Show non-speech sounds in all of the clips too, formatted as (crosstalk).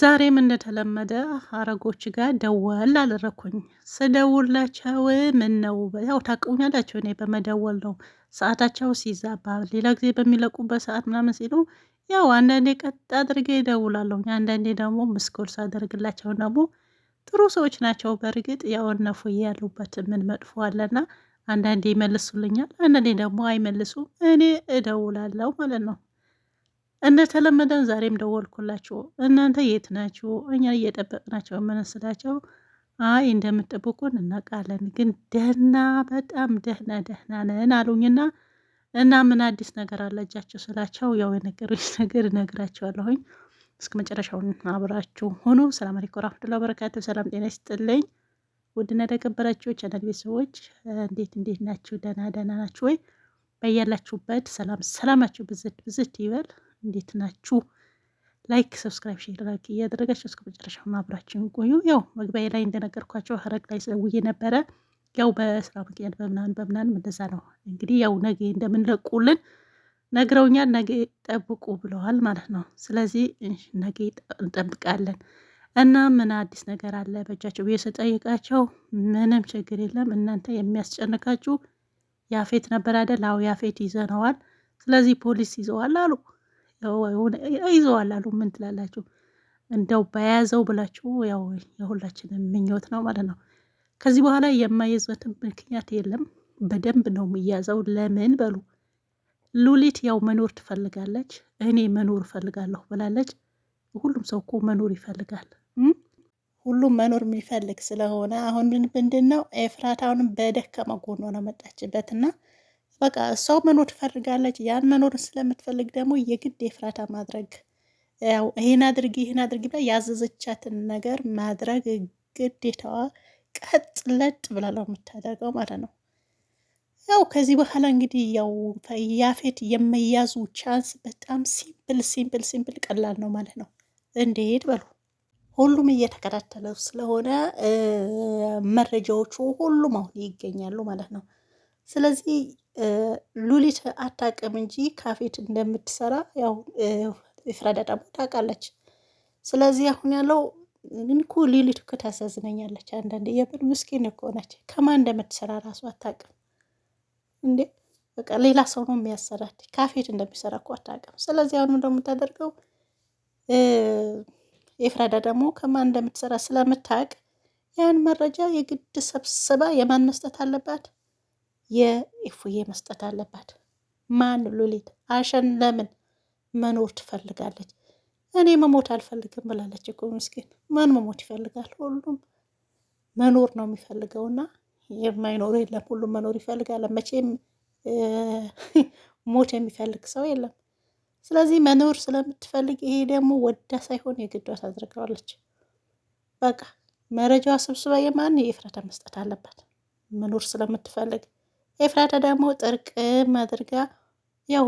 ዛሬም እንደተለመደ አረጎች ጋር ደወል አደረኩኝ። ስደውላቸው ምን ነው ያው ታውቁኛላችሁ፣ እኔ በመደወል ነው ሰዓታቸው ሲዛባ ሌላ ጊዜ በሚለቁበት ሰዓት ምናምን ሲሉ ያው አንዳንዴ ቀጥ አድርጌ ይደውላለሁ፣ አንዳንዴ ደግሞ ምስኮልስ አደርግላቸው። ደግሞ ጥሩ ሰዎች ናቸው በእርግጥ ያው እነፉ ያሉበት ምን መጥፎ አለና አንዳንዴ ይመልሱልኛል፣ አንዳንዴ ደግሞ አይመልሱም። እኔ እደውላለሁ ማለት ነው። እንደተለመደን ዛሬም ደወልኩላችሁ። እናንተ የት ናችሁ? እኛ እየጠበቅናቸው የምንስላቸው አይ እንደምትጠብቁን እናውቃለን፣ ግን ደህና በጣም ደህና ደህና ነን አሉኝና እና ምን አዲስ ነገር አለጃቸው ስላቸው ያው የነገሮች (laughs) ነገር እነግራቸዋለሁኝ። እስከ መጨረሻውን አብራችሁ ሆኖ። ሰላም አለይኩም ወራህመቱላሂ ወበረካቱ። ሰላም ጤና ይስጥልኝ ውድና የተከበራችሁ ቻናል ቤተሰቦች እንዴት እንዴት ናችሁ? ደህና ደህና ናችሁ ወይ? በያላችሁበት ሰላም ሰላማችሁ ብዝት ብዝት ይበል። እንዴት ናችሁ? ላይክ፣ ሰብስክራይብ፣ ሼር ላይክ እያደረጋችሁ እስከ መጨረሻ አብራችሁን ቆዩ። ያው መግቢያ ላይ እንደነገርኳቸው ሀረግ ላይ ሰውዬ ነበረ። ያው በስራ ምክንያት በምናምን በምናምን እንደዛ ነው እንግዲህ ያው ነገ እንደምንለቁልን ነግረውኛል። ነገ ጠብቁ ብለዋል ማለት ነው። ስለዚህ ነገ እንጠብቃለን እና ምን አዲስ ነገር አለ በእጃቸው ብዬ ስጠይቃቸው ምንም ችግር የለም እናንተ የሚያስጨንቃችሁ ያፌት ነበር አይደል? አዎ ያፌት ይዘነዋል። ስለዚህ ፖሊስ ይዘዋል አሉ። ይዘዋል አሉ። ምን ትላላችሁ? እንደው በያዘው ብላችሁ ያው የሁላችንም ምኞት ነው ማለት ነው። ከዚህ በኋላ የማይዝበት ምክንያት የለም። በደንብ ነው የሚያዘው። ለምን በሉ ሉሊት ያው መኖር ትፈልጋለች። እኔ መኖር እፈልጋለሁ ብላለች። ሁሉም ሰው እኮ መኖር ይፈልጋል። ሁሉም መኖር የሚፈልግ ስለሆነ አሁን ምንድን ነው ኤፍራታውን በደከመ ጎኖ ነው መጣችበት በቃ እሷ መኖር ትፈልጋለች። ያን መኖር ስለምትፈልግ ደግሞ የግድ የፍራታ ማድረግ ያው ይህን አድርጊ ይህን አድርጊ ብላ ያዘዘቻትን ነገር ማድረግ ግዴታዋ ቀጥ ለጥ ብላ ነው የምታደርገው ማለት ነው። ያው ከዚህ በኋላ እንግዲህ ያው ያፌት የመያዙ ቻንስ በጣም ሲምፕል ሲምፕል ሲምፕል ቀላል ነው ማለት ነው። እንዴት በሉ ሁሉም እየተከታተለው ስለሆነ መረጃዎቹ ሁሉም አሁን ይገኛሉ ማለት ነው። ስለዚህ ሉሊት አታውቅም እንጂ ካፌት እንደምትሰራ ያው ፍረዳ ደግሞ ታውቃለች። ስለዚህ አሁን ያለው ግን እኮ ሉሊት እኮ ታሳዝነኛለች አንዳንዴ የምር ምስኪን እኮ ነች። ከማን እንደምትሰራ ራሱ አታውቅም እንዴ በቃ ሌላ ሰው ነው የሚያሰራት። ካፌት እንደሚሰራ እኮ አታውቅም። ስለዚህ አሁን እንደምታደርገው ኤፍራዳ ደግሞ ከማን እንደምትሰራ ስለምታውቅ ያን መረጃ የግድ ሰብስባ የማን መስጠት አለባት የኢፉዬ መስጠት አለባት። ማን ሉሊት አሸን ለምን መኖር ትፈልጋለች? እኔ መሞት አልፈልግም ብላለች እኮ ምስኪን። ማን መሞት ይፈልጋል? ሁሉም መኖር ነው የሚፈልገውና የማይኖር የለም። ሁሉም መኖር ይፈልጋል። መቼም ሞት የሚፈልግ ሰው የለም። ስለዚህ መኖር ስለምትፈልግ ይሄ ደግሞ ወዳ ሳይሆን የግዷ ታደርገዋለች። በቃ መረጃዋ ስብስባ የማን የፍረተ መስጠት አለባት መኖር ስለምትፈልግ ኤፍራታ ደግሞ ጥርቅም አድርጋ ያው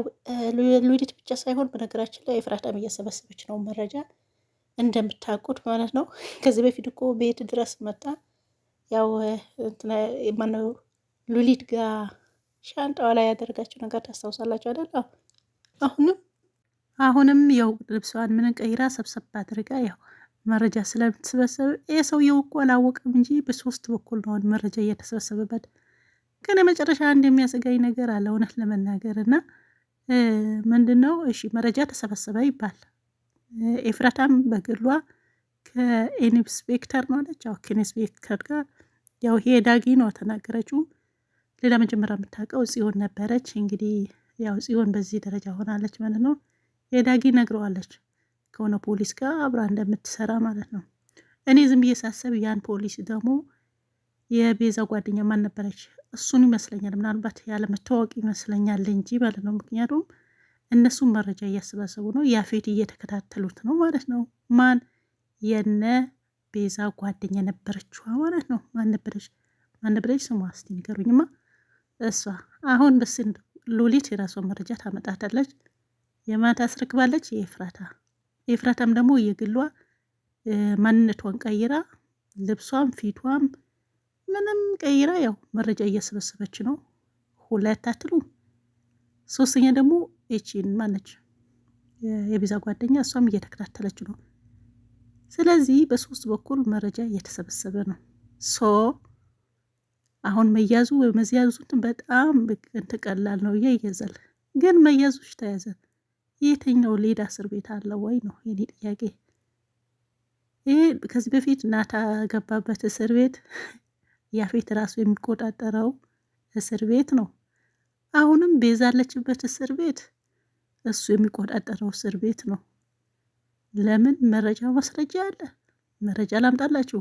ሉሊት ብቻ ሳይሆን በነገራችን ላይ ኤፍራታም እየሰበሰበች ነው መረጃ እንደምታውቁት ማለት ነው። ከዚህ በፊት እኮ ቤት ድረስ መጣ ያው ማነው ሉሊት ጋር ሻንጣዋ ላይ ያደረጋቸው ነገር ታስታውሳላችሁ አይደል? አሁንም አሁንም ያው ልብሷን ምን ቀይራ ሰብሰብ አድርጋ ያው መረጃ ስለምትሰበሰብ ይህ ሰውየው እኮ አላወቅም እንጂ በሶስት በኩል ነው መረጃ እየተሰበሰበበት የመጨረሻ አንድ የሚያሰጋኝ ነገር አለ እውነት ለመናገር እና ምንድን ነው እሺ፣ መረጃ ተሰበሰበ ይባል ኤፍራታም በግሏ ከኢንስፔክተር ማለች ያው ከኢንስፔክተር ጋር ያው ይሄ ዳጊ ነው ተናገረችው። ሌላ መጀመሪያ የምታውቀው ጽዮን ነበረች። እንግዲህ ያው ጽዮን በዚህ ደረጃ ሆናለች ማለት ነው። የዳጊ ነግረዋለች ከሆነ ፖሊስ ጋር አብራ እንደምትሰራ ማለት ነው። እኔ ዝም ብዬ ሳሰብ ያን ፖሊስ ደግሞ የቤዛ ጓደኛ ማን ነበረች? እሱን ይመስለኛል ምናልባት ያለመታወቅ ይመስለኛል እንጂ ማለት ነው። ምክንያቱም እነሱን መረጃ እያሰባሰቡ ነው፣ ያፌት እየተከታተሉት ነው ማለት ነው። ማን የነ ቤዛ ጓደኛ ነበረችዋ ማለት ነው። ማን ነበረች? ማን ነበረች? ስሟ እስኪ ንገሩኝማ። እሷ አሁን በስ ሉሊት የራሷን መረጃ ታመጣታለች፣ የማን ታስረክባለች? የኤፍራታ ኤፍራታም ደግሞ የግሏ ማንነቷን ቀይራ ልብሷም ፊቷም ምንም ቀይራ ያው መረጃ እያሰበሰበች ነው። ሁለት አትሉ። ሶስተኛ ደግሞ ኤችን ማነች የቪዛ ጓደኛ፣ እሷም እየተከታተለች ነው። ስለዚህ በሶስት በኩል መረጃ እየተሰበሰበ ነው። ሶ አሁን መያዙ ወይ መያዙ በጣም እንትን ቀላል ነው። እያ ይገዛል ግን መያዙች ተያዘ። የትኛው ሌዳ እስር ቤት አለ ወይ ነው የኔ ጥያቄ። ይሄ ከዚህ በፊት ናታ ገባበት እስር ቤት ያፌት ራሱ የሚቆጣጠረው እስር ቤት ነው። አሁንም ቤዛ እስር ቤት እሱ የሚቆጣጠረው እስር ቤት ነው። ለምን? መረጃው ማስረጃ አለ። መረጃ ላምጣላችሁ።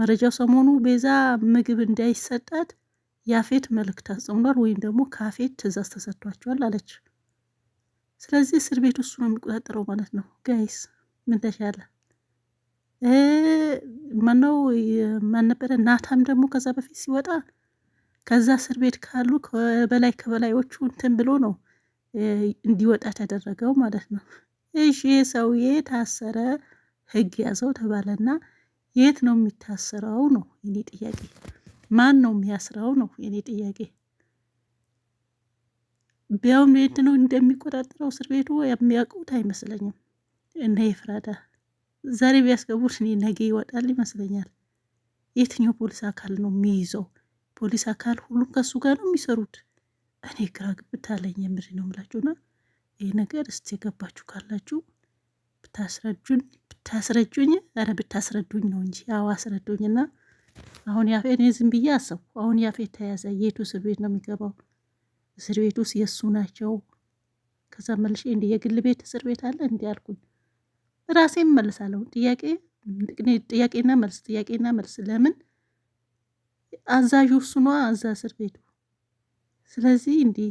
መረጃው ሰሞኑ ቤዛ ምግብ እንዳይሰጣት ያፌት መልእክት አጽኗል፣ ወይም ደግሞ ካፌት ትእዛዝ ተሰጥቷቸዋል አለች። ስለዚህ እስር ቤት እሱ ነው የሚቆጣጠረው ማለት ነው። ጋይስ ምን ተሻለ? ማነው ማን ናታም ደግሞ ከዛ በፊት ሲወጣ ከዛ እስር ቤት ካሉ በላይ ከበላዮቹ እንትን ብሎ ነው እንዲወጣ ተደረገው ማለት ነው። እሺ ይህ ሰውዬ ታሰረ፣ ህግ ያዘው ተባለና የት ነው የሚታሰረው ነው የኔ ጥያቄ። ማን ነው የሚያስረው ነው የኔ ጥያቄ። ቢያውም ነው እንደሚቆጣጠረው እስር ቤቱ የሚያውቁት አይመስለኝም እነ ኤፍራታ ዛሬ ቢያስገቡት እኔ ነገ ይወጣል ይመስለኛል። የትኛው ፖሊስ አካል ነው የሚይዘው? ፖሊስ አካል ሁሉም ከሱ ጋር ነው የሚሰሩት። እኔ ግራ ግብታለኝ። የምሬ ነው የምላችሁና ይህ ነገር እስቲ የገባችሁ ካላችሁ ብታስረጁኝ ብታስረጁኝ፣ ኧረ ብታስረዱኝ ነው እንጂ አዎ አስረዱኝና አሁን ያፌ እኔ ዝም ብዬ አሰብኩ። አሁን ያፌ ተያዘ፣ የቱ እስር ቤት ነው የሚገባው? እስር ቤት ውስጥ የእሱ ናቸው። ከዛ መልሼ እንደ የግል ቤት እስር ቤት አለ እንዲ አልኩኝ። ራሴ መልሳለሁ። ጥያቄ ጥያቄና መልስ ጥያቄና መልስ። ለምን አዛዡ እሱ አዛ እዛ እስር ቤቱ። ስለዚህ እንዲህ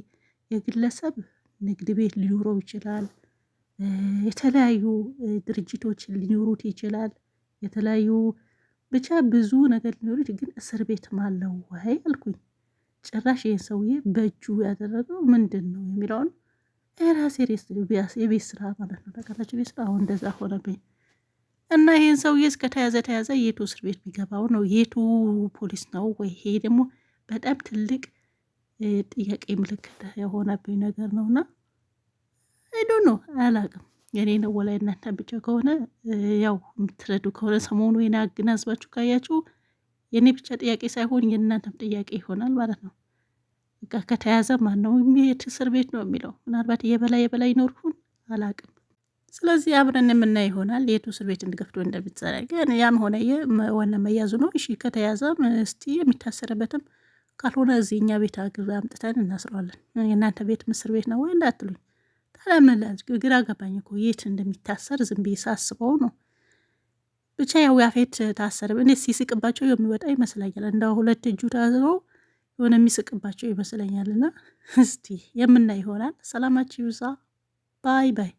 የግለሰብ ንግድ ቤት ሊኖረው ይችላል። የተለያዩ ድርጅቶች ሊኖሩት ይችላል። የተለያዩ ብቻ ብዙ ነገር ሊኖሩት፣ ግን እስር ቤት አለው ወይ አልኩኝ። ጭራሽ ይህን ሰውዬ በእጁ ያደረገው ምንድን ነው የሚለውን ራሴ የቤት ስራ ማለት ነው ታውቃላችሁ፣ ቤት ስራ። አሁን እንደዛ ሆነብኝ እና ይህን ሰውዬ እስከ ተያዘ ተያዘ፣ የቱ እስር ቤት ቢገባው ነው? የቱ ፖሊስ ነው ወይ? ይሄ ደግሞ በጣም ትልቅ ጥያቄ ምልክት የሆነብኝ ነገር ነው እና አይዶ ነው አላውቅም። የኔ ነው ወላይ እናንተ ብቻ ከሆነ ያው የምትረዱ ከሆነ ሰሞኑ የና አገናዝባችሁ ካያችሁ የእኔ ብቻ ጥያቄ ሳይሆን የእናንተም ጥያቄ ይሆናል ማለት ነው። ከተያዘ ማን ነው የት እስር ቤት ነው የሚለው? ምናልባት የበላይ የበላይ ይኖርሁን አላቅም። ስለዚህ አብረን የምናይ ይሆናል የቱ እስር ቤት እንዲገፍቶ እንደምትሰራ ግን ያም ሆነ ዋና መያዙ ነው። እሺ ከተያዘም እስቲ የሚታሰርበትም ካልሆነ እዚህ እኛ ቤት አግብ አምጥተን እናስረዋለን። የእናንተ ቤት እስር ቤት ነው ወይ እንዳትሉኝ። ታዲያ ግራ ገባኝ እኮ የት እንደሚታሰር ዝም ብዬ ሳስበው ነው። ብቻ ያው ያፌት ታሰርም እኔ ሲስቅባቸው የሚወጣ ይመስለኛል። እንደ ሁለት እጁ ታዝሮ የሆነ የሚስቅባቸው ይመስለኛልና እስቲ የምናይ ይሆናል። ሰላማችሁ ይብዛ። ባይ ባይ።